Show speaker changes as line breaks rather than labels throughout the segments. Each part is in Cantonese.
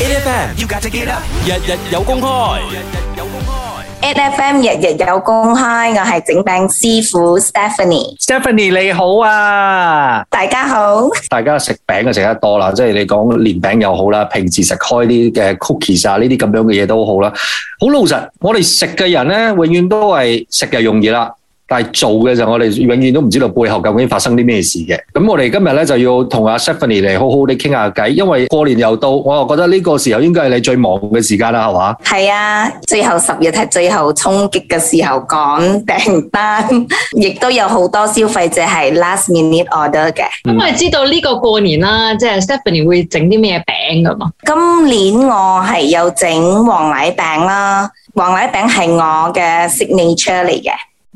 N
F M 要架隻機啦，日日有公開，日日有公開，N F M 日日有公開，我係整餅師傅 Stephanie。Stephanie
你好啊，
大家好，
大家食餅就食得多啦，即係你講連餅又好啦，平時食開啲嘅 cookies 啊，呢啲咁樣嘅嘢都好啦，好老實，我哋食嘅人咧，永遠都係食就容易啦。但係做嘅就我哋永遠都唔知道背後究竟發生啲咩事嘅。咁我哋今日咧就要同阿 Stephanie 嚟，好好哋傾下偈，因為過年又到，我又覺得呢個時候應該係你最忙嘅時間啦，係嘛？
係啊，最後十日係最後衝擊嘅時候，趕訂單，亦都有好多消費者係 last minute order 嘅。咁我哋知道呢個過年啦，即係 Stephanie 會整啲咩餅噶嘛？今年我係有整黃奶餅啦，黃奶餅係我嘅 signature 嚟嘅。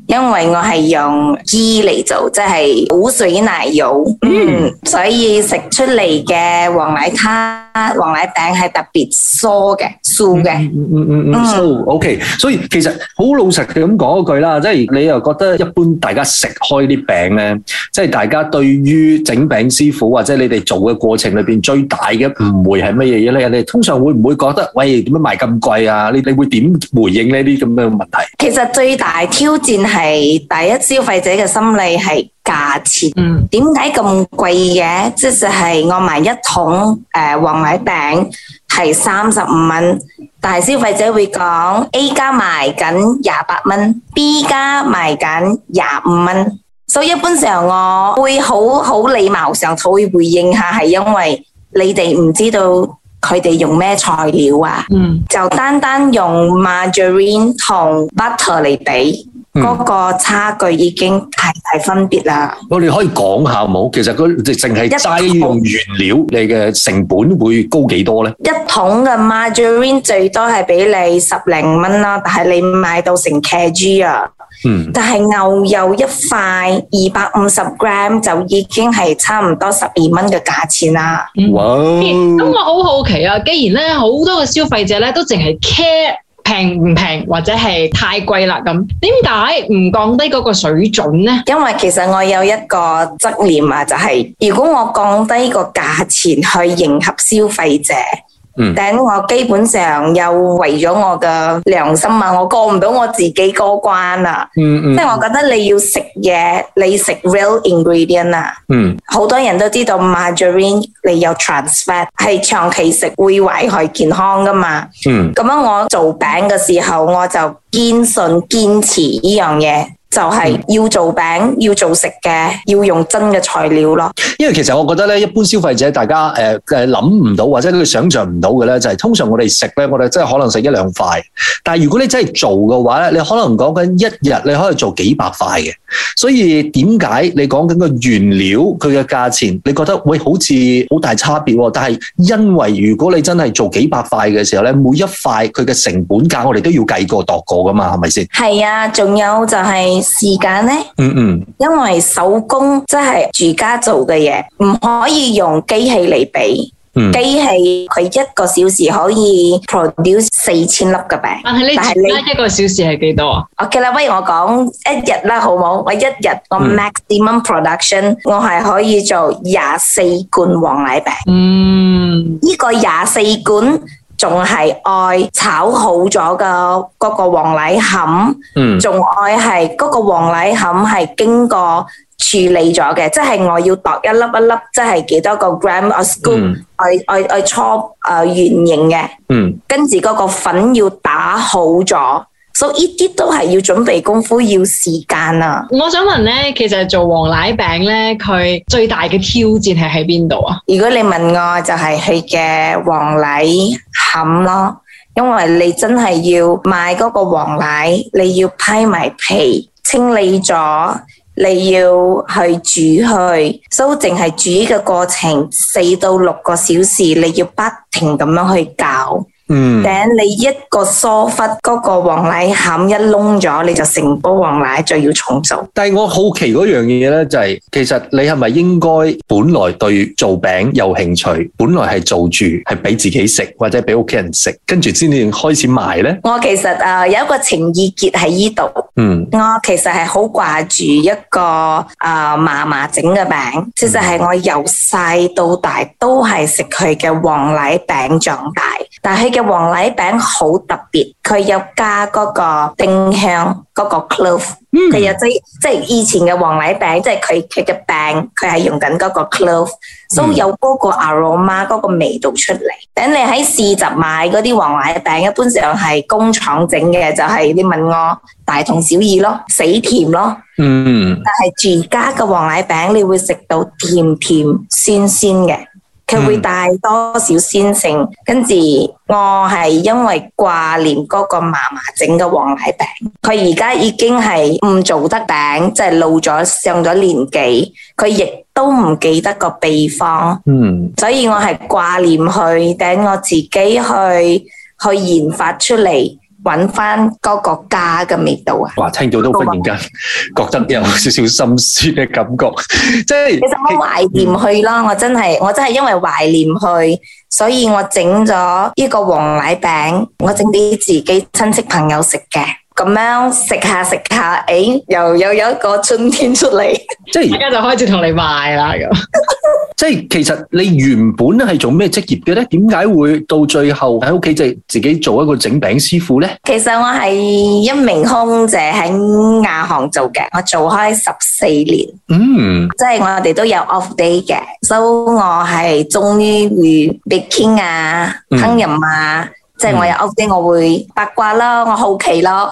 因為我係用雞嚟做，即係無水奶油， 所以食出嚟嘅黃奶湯。啊，黃奶餅係特別酥嘅，酥嘅，嗯嗯嗯酥，OK。所
以其實好老實咁講一句啦，即係你又覺得一般大家食開啲餅咧，即係大家對於整餅師傅或者你哋做嘅過程裏邊最大嘅誤會係乜嘢咧？你哋通常會唔會覺得，喂，點解賣咁貴啊？你你會點回應呢啲咁樣嘅問
題？其實最大挑戰係第一，消費者嘅心理係價錢，點解咁貴嘅？即係、就是、我買一桶誒、呃、黃米餅係三十五蚊，但係消費者會講 A 家賣緊廿八蚊，B 家賣緊廿五蚊。所以一般上我會好好禮貌上會回應下，係因為你哋唔知道佢哋用咩材料啊。嗯、就單單用 Margarine 同 butter 嚟比。嗰、嗯、個差距已經大大分別啦。我
哋可以講下冇？其實佢淨係齋用原料，一桶 你嘅成本會高幾多呢？
一桶嘅 margarine 最多係俾你十零蚊啦，但係你賣到成 kg 啊。嗯。但係牛油一塊二百五十 gram 就已經係差唔多十二蚊嘅價錢啦。哇、哦！咁、嗯、我好好奇啊，既然呢好多嘅消費者呢都淨係 care。平唔平或者係太貴啦。咁，點解唔降低嗰個水準呢？因為其實我有一個執念啊，就係、是、如果我降低個價錢去迎合消費者。餅、嗯、我基本上又為咗我嘅良心啊，我過唔到我自己過關啊，嗯嗯、即係我覺得你要食嘢，你食 real ingredient 啊，好、嗯、多人都知道 margarine 你有 trans fat 係長期食會危害健康噶嘛，咁、嗯、樣我做餅嘅時候我就堅信堅持呢樣嘢。就係要做餅，嗯、要做食嘅，要用真嘅材料咯。因為其實我覺得咧，一般消費者大家誒誒諗唔到，
或者佢想象唔到嘅咧、就係，就係通常我哋食咧，我哋真係可能食一兩塊。但係如果你真係做嘅話咧，你可能講緊一日你可以做幾百塊嘅。所以點解你講緊個原料佢嘅價錢，你覺得會好似好大差別喎？但係因為如果你真係做幾百塊嘅時候咧，每一塊佢嘅成本價我哋都要計過度過噶嘛，係咪先？
係啊，仲有就係、係。時間呢，
嗯嗯，
因為手工即係住家做嘅嘢，唔可以用機器嚟比。嗯，機器佢一個小時可以 produce 四千粒嘅餅，但係你住家一個小時係幾多啊？OK 啦，不如我講一日啦，好冇？我一日我 maximum production 我係可以做廿四罐黃奶餅。嗯，呢個廿四罐。.仲係愛炒好咗嘅嗰個黃梨餡，仲愛係嗰個黃梨餡係經過處理咗嘅，即係我要度一粒一粒，即係幾多個 gram of scoop，愛愛愛搓誒圓形嘅，跟住嗰個粉要打好咗。所以呢啲都係要準備功夫，要時間啊！我想
問咧，其實做黃梨餅咧，佢最大嘅挑戰係喺邊度啊？
如果你問我，就係佢嘅黃梨餡咯，因為你真係要買嗰個黃梨，你要批埋皮，清理咗，你要去煮去，都淨係煮嘅過程四到六個小時，你要不停咁樣去搞。嗯，頂你一個疏忽，嗰個黃奶餡一燶咗，你就成煲黃奶就要重做。但係我
好奇嗰樣嘢咧，就係其實你係咪應該本來對做餅有興趣，本來係做住係俾自己食或者俾屋企人食，跟住先至開始賣呢？
我其實誒有一個情意結喺呢度，嗯，我其實係好掛住一個誒嫲嫲整嘅餅，其實係我由細到大都係食佢嘅黃奶餅長大，但係。嘅黃梨餅好特別，佢有加嗰個丁香嗰、那個 clove 其實、嗯、即即以前嘅黃梨餅，即係佢佢嘅餅，佢係用緊嗰個 clove 都、嗯、有嗰個 aroma 嗰個味道出嚟。等你喺市集買嗰啲黃梨餅，一般上係工廠整嘅，就係你問我大同小異咯，死甜咯。嗯，但係住家嘅黃梨餅，你會食到甜甜酸酸嘅。酸酸佢、嗯、會帶多少鮮性。跟住我係因為掛念嗰個嫲嫲整嘅黃奶餅，佢而家已經係唔做得餅，即係老咗上咗年紀，佢亦都唔記得個秘方。嗯，所以我係掛念佢，等我自己去去研發出嚟。搵翻嗰個家嘅味道啊！哇，聽到都忽然
間覺得有少少心酸嘅感覺，
即係其實我懷念去咯，嗯、我真係我真係因為懷念去，所以我整咗一個黃奶餅，我整畀自己親戚朋友食嘅。咁樣食下食下，誒、哎，又又有一個春天出嚟，即係而家就開始同你賣啦。 即
係其實你原本咧係做咩職業嘅咧？點解會到最後喺屋企就係自己做一個整餅師傅咧？
其實我係一名空姐喺亞航做嘅，我做開十四年。
嗯，
即係我哋都有 off day 嘅，所以我係鍾意 baking 啊，烹飪啊。嗯即係我有歐啲，我會八卦咯，我好奇咯，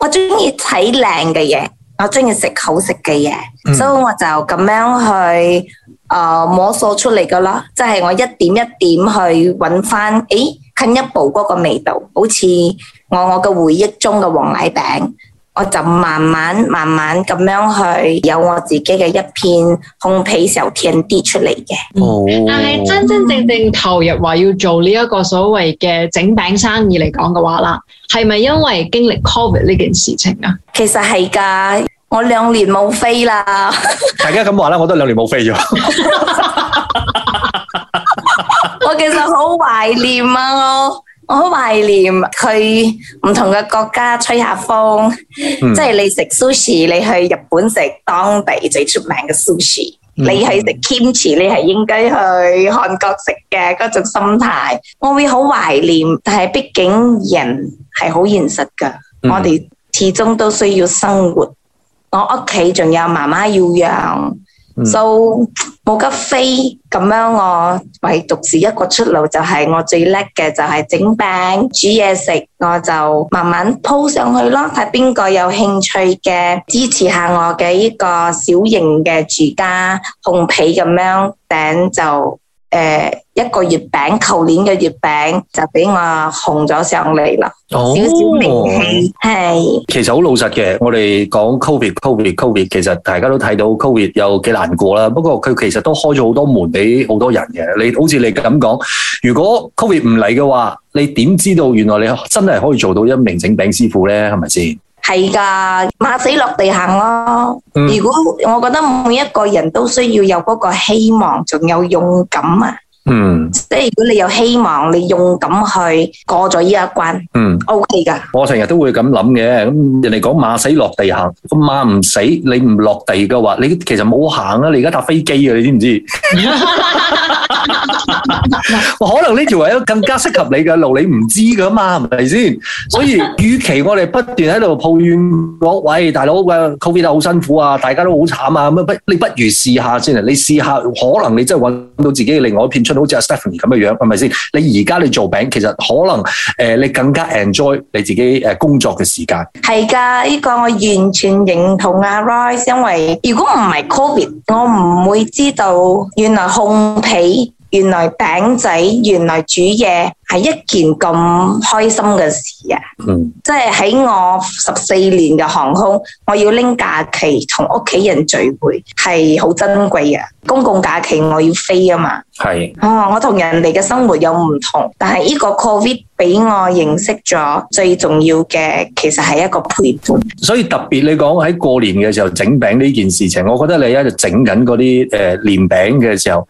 我中意睇靚嘅嘢，我中意食好食嘅嘢，所以我就咁樣去誒、呃、摸索出嚟噶啦，即、就、係、是、我一點一點去揾翻，誒、哎、近一步嗰個味道，好似我我嘅回憶中嘅黃奶餅。我就慢慢慢慢咁樣去有我自己嘅一片空皮時候天地出嚟嘅。哦，
但係真真正正投入話要做呢一個所謂嘅整餅生意嚟講嘅話啦，係咪因為經歷
COVID 呢件事情啊？其實係㗎，我兩年冇飛啦。
大家咁話啦，我都兩年冇飛咗。
我其實好懷念啊！我。我好懷念去唔同嘅國家吹下風，嗯、即係你食 sushi，你去日本食當地最出名嘅 sushi，嗯、你去食 kimchi，你係應該去韓國食嘅嗰種心態。我會好懷念，但係畢竟人係好現實㗎，嗯、我哋始終都需要生活。我屋企仲有媽媽要養。就冇、so, 得飛咁樣我，我唯獨是一個出路，就係、是、我最叻嘅就係整餅煮嘢食，我就慢慢鋪上去咯，睇邊個有興趣嘅支持下我嘅呢個小型嘅住家烘焙咁樣頂就。誒，一個月餅，舊年嘅月餅就俾我紅咗上嚟啦，少少、oh. 名氣
係。其實好老實嘅，我哋講 CO covid，covid，covid，其實大家都睇到 covid 有幾難過啦。不過佢其實都開咗好多門俾好多人嘅。好，你好似你咁講，如果 covid 唔嚟嘅話，你點知道原來你真係可以做到一名整餅師傅咧？係咪先？
係噶，馬死落地行咯。嗯、如果我覺得每一個人都需要有嗰個希望，仲有勇敢啊！嗯，即係如果你有希望，你勇敢去過咗呢一關，嗯，O K 噶。Okay、的我
成日都會咁諗嘅。咁人哋講馬死落地行，咁馬唔死，你唔落地嘅話，你其實冇行啊。你而家搭飛機啊，你知唔知？ 可能呢條係更加適合你嘅路，你唔知噶嘛，係咪先？所以，與其我哋不斷喺度抱怨，喂大佬喂 Covid 得好辛苦啊，大家都好慘啊，咁不，你不如試下先啊。你試下，可能你真係搵到自己另外一片出。好似阿 Stephanie 咁嘅樣，係咪先？你而家你做餅，其實可能誒、呃，你更加 enjoy 你自己誒工作嘅時間。
係㗎，呢、呢個我完全認同阿 Royce，因為如果唔係 Covid，我唔會知道原來烘焙。原來餅仔原來煮嘢係一件咁開心嘅事啊！嗯，即係喺我十四年嘅航空，我要拎假期，同屋企人聚會係好珍貴啊！公共假期我要飛啊嘛，係是哦，我同人哋嘅生活有唔同，但係呢個 Covid 俾我認識咗最重要嘅，其實係一個陪伴。
所以特別你講喺過年嘅時候整餅呢件事情，我覺得你而家就整緊嗰啲誒，年餅嘅時候。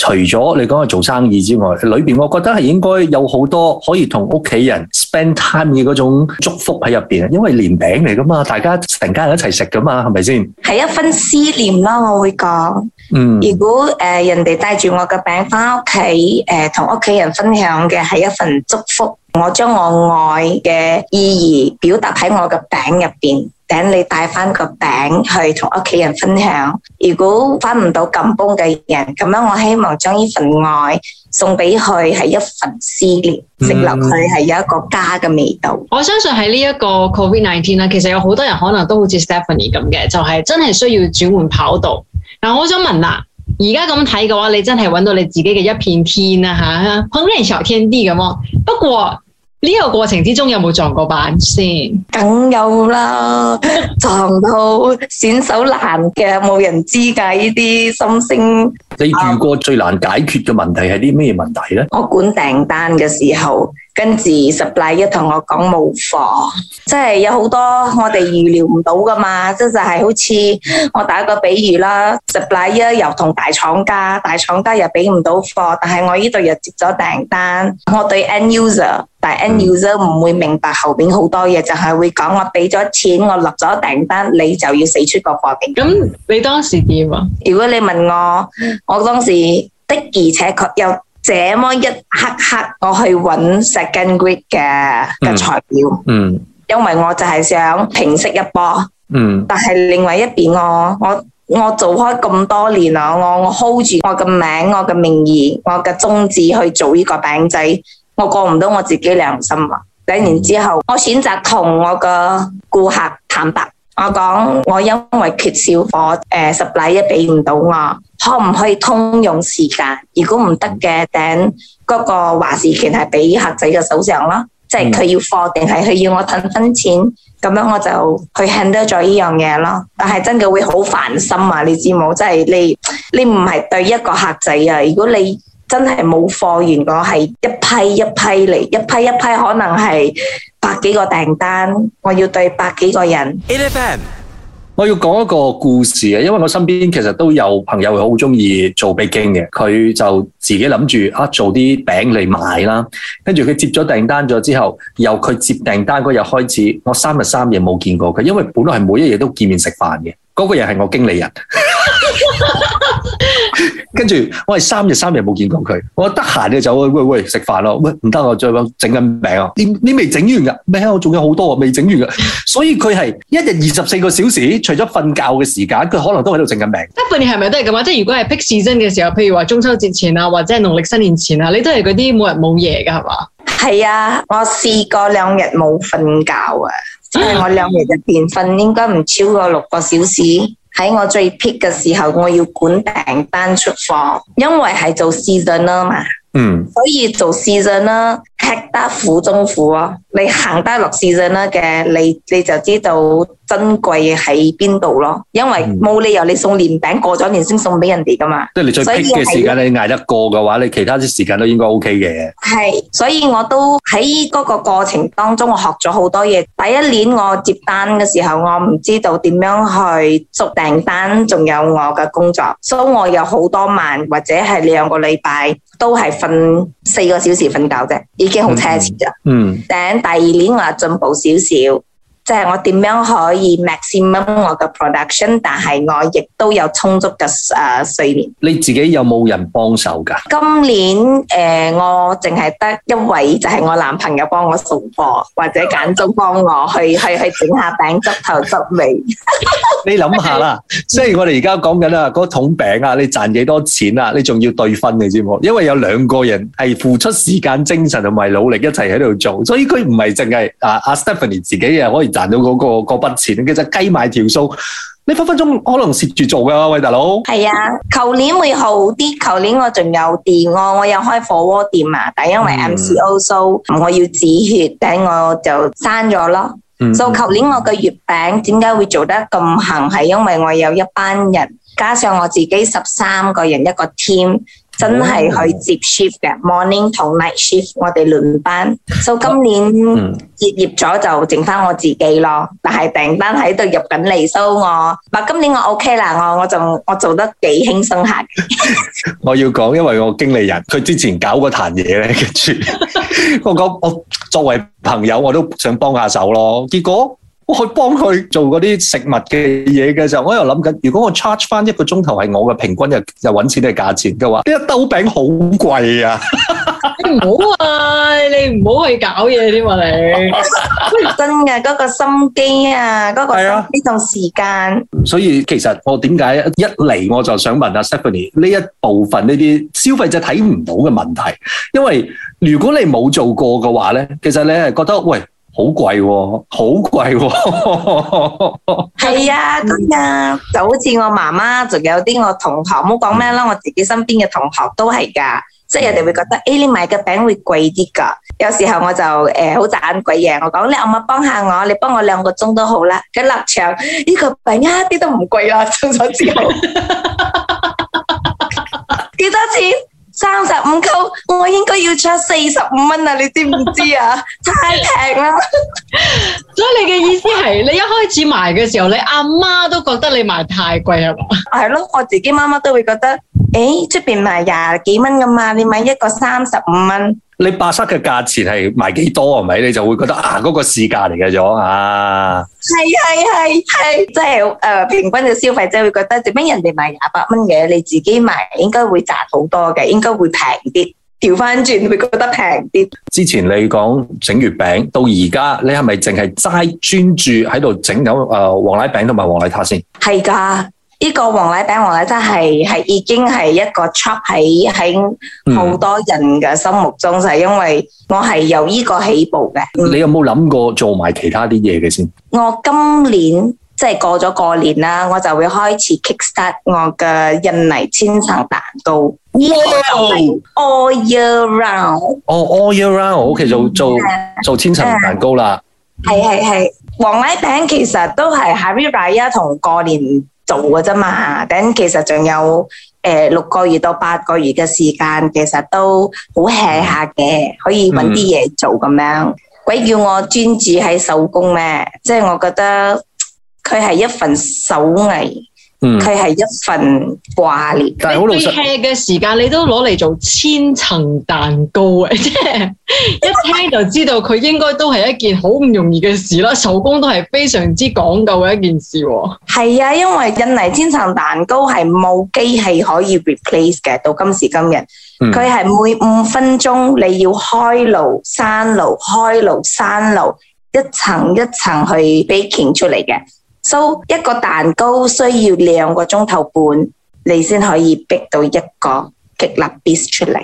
除咗你講係做生意之外，裏邊我覺得係應該有好多可以同屋企人 spend time 嘅嗰種祝福喺入邊，因為年餅嚟噶嘛，大家成家人一齊食噶嘛，係咪先？
係一份思念囉，我會講。嗯，如果誒、呃、人哋帶住我嘅餅翻屋企，誒同屋企人分享嘅係一份祝福。我將我愛嘅意義表達喺我嘅餅入面，等你帶翻個餅去同屋企人分享。如果翻唔到咁幫嘅人，咁樣我希望將呢份愛送俾佢，係一份思念，食落去係有一個家嘅味道。嗯、
我相信喺呢一個 Covid nineteen 其實有好多人可能都好似 Stephanie 咁嘅，就係、是、真係需要轉換跑道。嗱、嗯，我想問啦。而家咁睇嘅話，你真係揾到你自己嘅一片天啦、啊、嚇，好 man，好 trendy 咁咯。不過呢、這個過程之中有冇撞過板先？梗
有啦，撞到選手難嘅，冇人知㗎呢啲心聲。
你遇過最難解決嘅問題係啲咩問題咧
我管訂單嘅時候，跟住 supplier 同我講冇貨，即係有好多我哋預料唔到噶嘛，即就係係好似我打個比喻啦，supplier 又同大廠家，大廠家又俾唔到貨，但係我呢度又接咗訂單，我對 end user，但係 end user 唔會明白後邊好多嘢，就係係會講我俾咗錢，我立咗訂單，你就要死出個貨。咁你,你當時點啊？如果你問我，我當時的而且確有。這麼一刻刻，我去揾 second grade 嘅嘅材料，嗯，因為我就係想平息一波，嗯，但係另外一邊我我我做開咁多年啊，我我 hold 住我嘅名、我嘅名義、我嘅宗旨去做呢個餅仔，我過唔到我自己良心啊！然之後，我選擇同我嘅顧客坦白。我講我因為缺少貨，誒十禮啊俾唔到我，可唔可以通用時間？如果唔得嘅，等、那、嗰個話事權係俾客仔嘅手上咯，即係佢要貨定係佢要我抌翻錢，咁樣我就去 handle 咗呢樣嘢咯。但係真嘅會好煩心啊！你知冇？即、就、係、是、你你唔係對一個客仔啊！如果你真係冇貨源，我係一批一批嚟，一批一批可能係。百幾個訂單，我要對百幾個人。
Elephant，我要講一個故事嘅，因為我身邊其實都有朋友係好中意做北京嘅，佢就自己諗住啊做啲餅嚟賣啦。跟住佢接咗訂單咗之後，由佢接訂單嗰日開始，我三日三夜冇見過佢，因為本來係每一日都見面食飯嘅。嗰個人係我經理人。 跟住，我係三日三日冇見過佢。我得閒就走，喂喂，食飯咯。喂，唔得，我再講整緊餅啊！你你未整完噶喺，我仲有好多未整完噶。所以佢係一日二十四個小時，除咗瞓覺嘅時間，佢可能都喺度整緊餅。
Stephanie 係咪都係咁啊？即係如果係辟視真嘅時候，譬如話中秋節前啊，或者係農曆新年前啊，你都係嗰啲每日
冇嘢嘅係嘛？係啊，我試過兩日冇瞓覺啊，即係我兩日入邊瞓應該唔超過六個小時。喺我最 pick 嘅時候，我要管訂單出貨，因為係做 season 嘛。嗯，所以做事情啦，吃得苦中苦啊，你行得落事情啦嘅，你你就知道珍貴喺邊度咯。因為冇理由你送年餅過咗年先送俾人哋噶嘛。即係你最激嘅時間，你
捱得過嘅話，你其他啲時間都應該 O K 嘅。
係，所以我都喺嗰個過程當中，我學咗好多嘢。嗯、第一年我接單嘅時候，我唔知道點樣去熟訂單，仲有我嘅工作，所以我有好多晚或者係兩個禮拜。都係瞓四個小時瞓覺啫，已經好奢侈噶、嗯。嗯，但第二年話進步少少。即係我點樣可以 maximum 我嘅 production，但係我亦都有充足嘅誒睡眠。你自己有冇人幫手噶今年誒、呃，我淨係得一位，就係、是、我男朋友幫我送貨，或者間中幫我去 去去整下餅，執頭執尾。
你諗下啦，即係我哋而家講緊啊嗰桶餅啊，你賺幾多錢啊？你仲要對分你知唔知？因為有兩個人係付出時間、精神同埋努力一齊喺度做，所以佢唔係淨係啊啊 Stephanie 自己啊可以。賺到嗰、那個嗰筆錢，其實雞埋條數，你分分鐘可能蝕住做噶，喂大佬。係
啊，舊年會好啲，舊年我仲有店我，我有開火鍋店啊，但因為 M C O 收、嗯，so, 我要止血，等我就刪咗咯。就舊、嗯嗯、年我嘅月餅點解會做得咁行，係因為我有一班人，加上我自己十三個人一個 team。真係去接 shift 嘅 morning 同 night shift，我哋輪班。so 今年結業咗，就剩返我自己咯。但係訂單喺度入緊嚟，so 我。嗱，今年我 OK 啦，我我仲我做得幾輕鬆下。
我要講，因為我經理人佢之前搞嗰壇嘢咧，跟住我講我作為朋友我都想幫下手咯，結果。我去幫佢做嗰啲食物嘅嘢嘅時候，我又諗緊，如果我 charge 翻一個鐘頭係我嘅平均又又搵錢嘅價錢嘅話，呢一兜餅好貴啊！你唔好啊，你唔
好去搞嘢添啊！你真嘅嗰個心機啊，嗰個呢段時間。
所以其實我點解，一嚟，我就想問阿 Stephanie 呢一部分呢啲消費者睇唔到嘅問題，因為如果你冇做過嘅話咧，其實你係覺得喂。好貴喎、哦，好貴喎、
哦，係 啊，咁啊，就好似我媽媽，仲有啲我同學冇講咩啦，嗯、我自己身邊嘅同學都係噶，即係人哋會覺得誒、欸，你買嘅餅會貴啲噶，有時候我就誒好賺鬼嘢，我講，你可唔可以幫下我，你幫我兩個鐘都好啦，佢立場呢、這個餅、啊、一啲都唔貴啦，收咗之後幾多錢？三十五扣，我應該要出四十五蚊啊！你知唔知啊？ 太平啦！所以你嘅意思係，你一開始賣嘅時候，你阿媽都覺得你賣太貴係嘛？係咯，我自己媽媽都會覺得。誒，出邊賣廿幾蚊噶嘛,你買一個三十五蚊。
你八七嘅價錢係賣幾多係咪？你就會覺得啊，嗰、嗰個市價嚟嘅咗啊？
係係係係，即係誒，平均嘅消費者會覺得，點解人哋賣廿八蚊嘅，你自己賣應該會賺好多嘅，應該會平啲，調翻轉會覺得平啲。
之前你講整月餅，到而家你係咪淨係齋專注喺度整緊誒黃奶餅同埋黃奶撻先？
係噶。呢個黃梨餅、黃梨真係係已經係一個 chop 喺喺好多人嘅心目中，就係因為我係由呢個起步嘅。你有冇諗過做埋其他啲嘢嘅先？我今年即係過咗個年啦，我就會開始 kick start 我嘅印尼千層蛋糕。Wow！All year round，
哦，all year round，我屋企做做做千層蛋糕啦。
係係係，黃梨餅其實都係 Hari Raya 同過年。做嘅啫嘛，等其實仲有誒、呃、六個月到八個月嘅時間，其實都好 hea 下嘅，可以揾啲嘢做咁樣。鬼、嗯、叫我專注喺手工咩？即係我覺得佢係一份手藝。佢係、嗯、一份掛念，但係好老實嘅時間，你都攞嚟做千層蛋糕嘅，
即 係一聽就知道佢應該都係一件好唔容易嘅事啦。手工都係
非常之講究嘅一件事。係啊，因為印尼千層蛋糕係冇機器可以 replace 嘅，到今時今日，佢係、嗯、每五分鐘你要開爐、閂爐、開爐、閂爐，一層一層去 baking 出嚟嘅。收、so, 一個蛋糕需要兩個鐘頭半，你先可以逼到一個極立 b i 出嚟。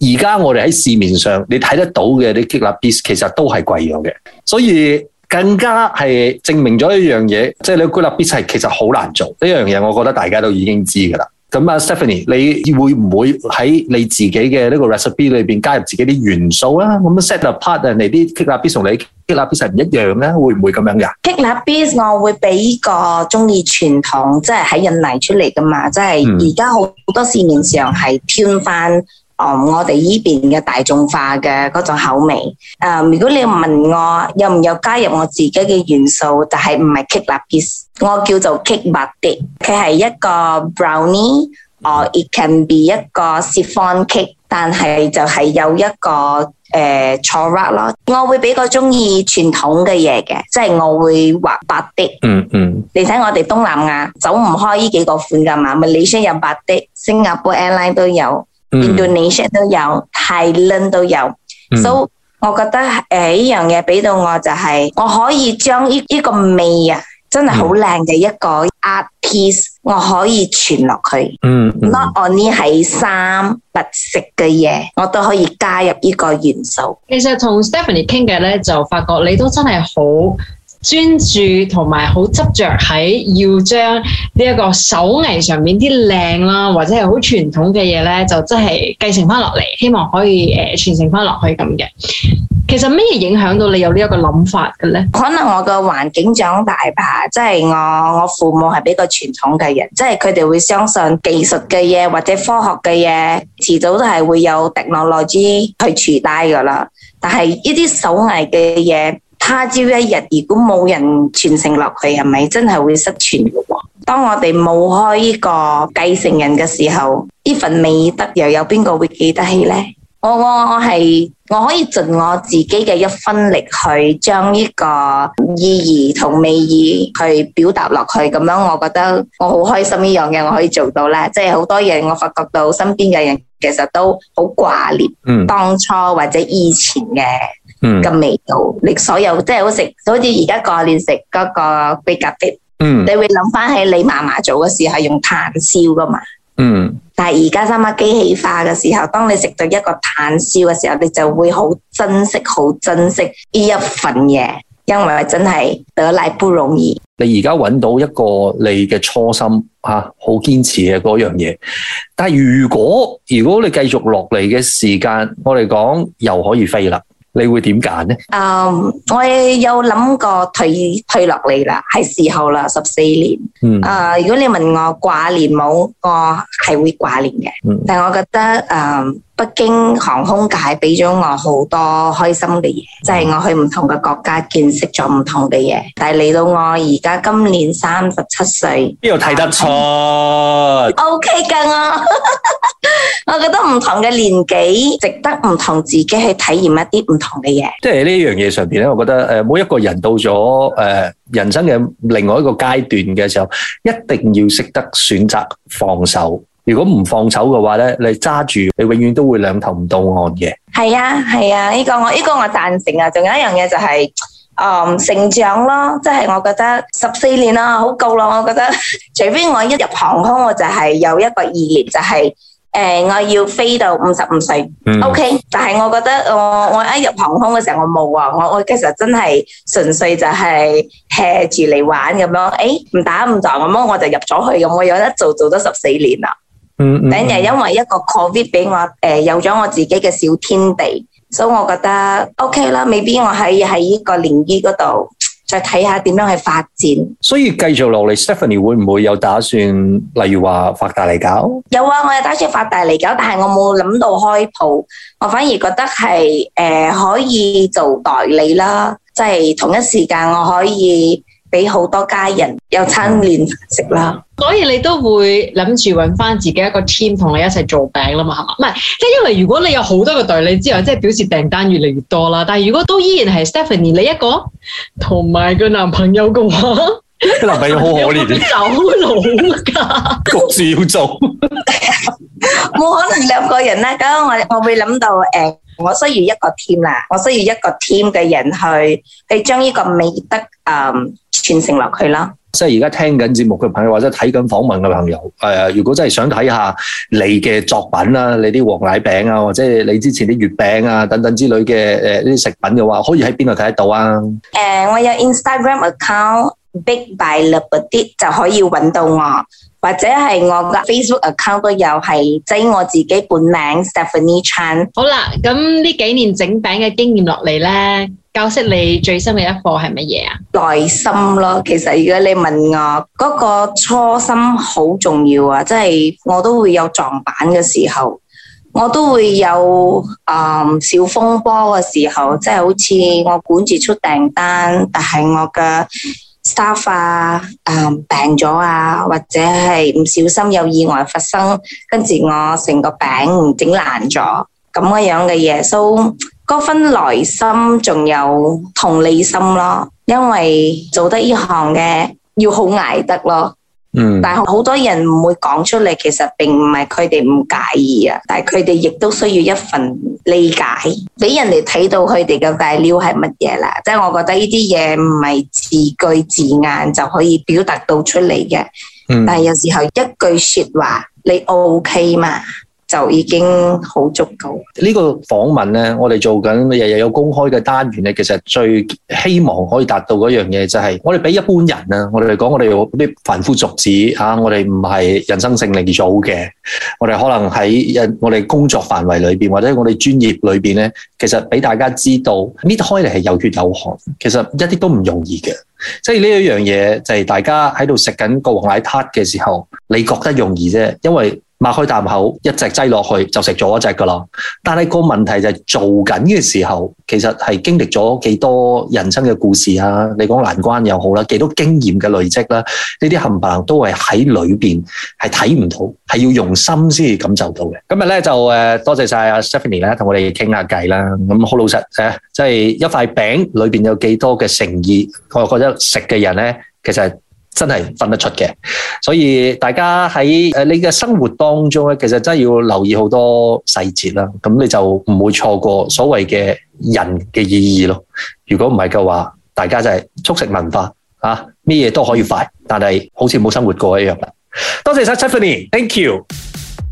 而家我哋喺市面上，你睇得到嘅啲極立 b i 其實都係貴樣嘅，所以更加係證明咗一樣嘢，即、就、係、是、你極立 bis 係其實好難做呢樣嘢。我覺得大家都已經知㗎喇。咁啊，Stephanie，你會唔會喺你自己嘅呢個 recipe 裏邊加入自己啲元素啦？咁 set apart 啊，你啲 kek lapis 同你 kek lapis 實唔一樣咧？會唔會咁樣噶
？kek lapis 我會畀個中意傳統，即係喺印尼出嚟噶嘛，即係而家好多市面上係添翻。哦，um, 我哋呢邊嘅大眾化嘅嗰種口味。誒、um，如果你問我有唔有加入我自己嘅元素，就係、是、唔係 cake 立啲，is, 我叫做 cake 白啲，佢係一個 brownie，我、嗯 oh, it can be 一個 chiffon cake 但係就係有一個誒、呃、chocolate 咯。我會比較鍾意傳統嘅嘢嘅，即、就、係、是、我會滑白啲。嗯嗯，你睇我哋東南亞走唔開呢幾個款㗎嘛？馬來西亞有白啲？Ate, 新加坡 airline 都有。Indonesia 都有，泰倫都有，所以我覺得誒，呢樣嘢俾到我就係，我可以將呢呢個味啊，真係好靚嘅一個 art piece，我可以傳落去。嗯嗯，not only 喺衫，不食嘅嘢，我都可以加入呢個元素。其實同 Stephanie 傾偈咧，就發覺你都真係好。專
注同埋好執着喺要將呢一個手藝上面啲靚啦，或者係好傳統嘅嘢咧，就真係繼承翻落嚟，希望可以誒傳、呃、承翻落
去咁嘅。其實咩影響到你有呢一個諗法嘅咧？可能我個環境長大吧，即係我我父母係比較傳統嘅人，即係佢哋會相信技術嘅嘢或者科學嘅嘢，遲早都係會有 technology 去處理噶啦。但係呢啲手藝嘅嘢。他朝一日，如果冇人傳承落去，係咪真係會失傳嘅？當我哋冇開呢個繼承人嘅時候，呢份美德又有邊個會記得起咧？我我我係我可以盡我自己嘅一分力去將呢個意義同美意去表達落去，咁樣我覺得我好開心呢樣嘢。我可以做到咧。即係好多嘢，我發覺到身邊嘅人其實都好掛念當初或者以前嘅。嘅、嗯、味道，你所有即係好食，好似而家過年食嗰個龜甲片，嗯、你會諗翻起你嫲嫲做嘅時候用炭燒㗎嘛？嗯，但係而家啱啱機器化嘅時候，當你食到一個炭燒嘅時候，你就會好珍惜，好珍惜呢一份嘢，因為真係得來
不容易。你而家揾到一個你嘅初心吓，好堅持嘅嗰樣嘢，但係如果如果你繼續落嚟嘅時間，我哋講又可以飛啦。你會點揀
呢？誒，um, 我有諗過退退落嚟啦，係時候啦，十四年。誒、嗯，uh, 如果你問我掛念，冇，我係會掛念嘅。嗯、但係我覺得、um, 北京航空界俾咗我好多開心嘅嘢，就係、是、我去唔同嘅國家見識咗唔同嘅嘢。但係嚟到我而家今年三十七歲，邊度睇
得出？O K 㗎我。啊
okay 的啊 我覺得唔同嘅年紀，值得唔同自己去體驗一啲唔同嘅嘢。
即係呢樣嘢上邊咧，我覺得誒，每一個人到咗誒人生嘅另外一個階段嘅時候，一定要識得選擇放手。如果唔放手嘅話咧，你揸住，你永遠都會兩頭唔到岸嘅。
係啊係啊，呢個我呢個我贊成啊。仲有一樣嘢就係，誒成長咯，即係我覺得十四年啦，好夠啦。我覺得，除非我一入航空，我就係有一個意義就係。誒、呃，我要飛到五十五歲，OK。但係我覺得我我一入航空嘅時候，我冇啊，我我其實真係純粹就係 hea 住嚟玩咁樣。誒、欸，唔打唔撞咁樣，我就入咗去，咁我有得做，做咗十四年啦、嗯。嗯等日因為一個 Covid 俾我誒、呃，有咗我自己嘅小天地，所以我覺得 OK 啦，未必我喺喺呢個連衣嗰度，再睇下點樣
去發展，所以繼續落嚟，Stephanie 會唔會有打算？例如話發大嚟
搞？有啊，我有打算發大嚟搞，但係我冇諗到開鋪，我反而覺得係誒、呃、可以做代理啦，即、就、係、是、同一時間我可以。俾好多家人有餐宴食啦，
所以你都會諗住揾翻自己一個 team 同你一齊做餅啦嘛，係嘛？唔係，即係因為如果你有好多個代理之後，即係表示訂單越嚟越多啦。但係如果都依然係 Stephanie 你一個同埋個男朋友
嘅話。男朋友好可憐 中，走佬啊！局住要做，
冇 可能兩個人咧。咁我我會諗到，誒、呃，我需要一個 team 啦，我需要一個 team 嘅人去去將呢個美德誒傳承落去啦。
即係而家聽緊節目嘅朋友，或者睇緊訪問嘅朋友，誒、呃，如果真係想睇下你嘅作品啦，你啲黃奶餅啊，或者你之前啲月餅啊等等之類嘅誒呢啲食品嘅話，可以喺邊度睇得到啊？
誒、呃，我有 Instagram account。Big by leopard 就可以揾到我，或者係我嘅 Facebook account 都有係，即我自己本名 Stephanie Chan。 好啦，
咁呢幾年整餅嘅經驗落嚟呢，教識你最新嘅一課係乜嘢啊？
耐心咯，其實如果你問我嗰、那個初心好重要啊，即、就、係、是、我都會有撞板嘅時候，我都會有誒小、嗯、風波嘅時候，即、就、係、是、好似我管住出訂單，但係我嘅。Staff 啊，呃、病咗啊，或者係唔小心有意外發生，跟住我成個餅整爛咗，咁嘅樣嘅嘢，都嗰分耐心仲有同理心咯，因為做得呢行嘅要好捱得咯。嗯，但係好多人唔會講出嚟，其實並唔係佢哋唔介意啊，但係佢哋亦都需要一份理解，俾人哋睇到佢哋嘅大料係乜嘢啦。即係我覺得呢啲嘢唔係字句字眼就可以表達到出嚟嘅，嗯、但係有時候一句說話，你 OK 嘛？就已經
好足夠。呢個訪問呢，我哋做緊日日有工開嘅單元咧，其實最希望可以達到嗰樣嘢就係，我哋俾一般人啊，我哋嚟講，我哋嗰啲凡夫俗子嚇，我哋唔係人生勝利組嘅，我哋可能喺我哋工作範圍裏邊或者我哋專業裏邊呢，其實俾大家知道搣開嚟係有血有汗，其實一啲都唔容易嘅。即係呢一樣嘢就係大家喺度食緊個黃奶撻嘅時候，你覺得容易啫，因為。擘開啖口，一隻擠落去就食咗一隻噶啦。但係個問題就係做緊嘅時候，其實係經歷咗幾多人生嘅故事啊！你講難關又好啦，幾多經驗嘅累積啦，呢啲冚唪唥都係喺裏邊係睇唔到，係要用心先至感受到嘅。今日咧就誒，多謝晒阿 Stephanie 咧，同我哋傾下偈啦。咁好老實，誒，即係一塊餅裏邊有幾多嘅誠意，我覺得食嘅人咧，其實。真係分得出嘅，所以大家喺誒你嘅生活當中咧，其實真係要留意好多細節啦，咁你就唔會錯過所謂嘅人嘅意義咯。如果唔係嘅話，大家就係速食文化啊，咩嘢都可以快，但係好似冇生活過一樣。多謝晒 Stephanie，Thank you。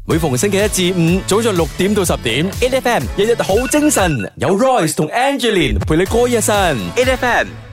每逢星期一至五早上六點到十點，AiFM，日日好精神，有 Royce 同 Angeline 陪你過夜身，AiFM。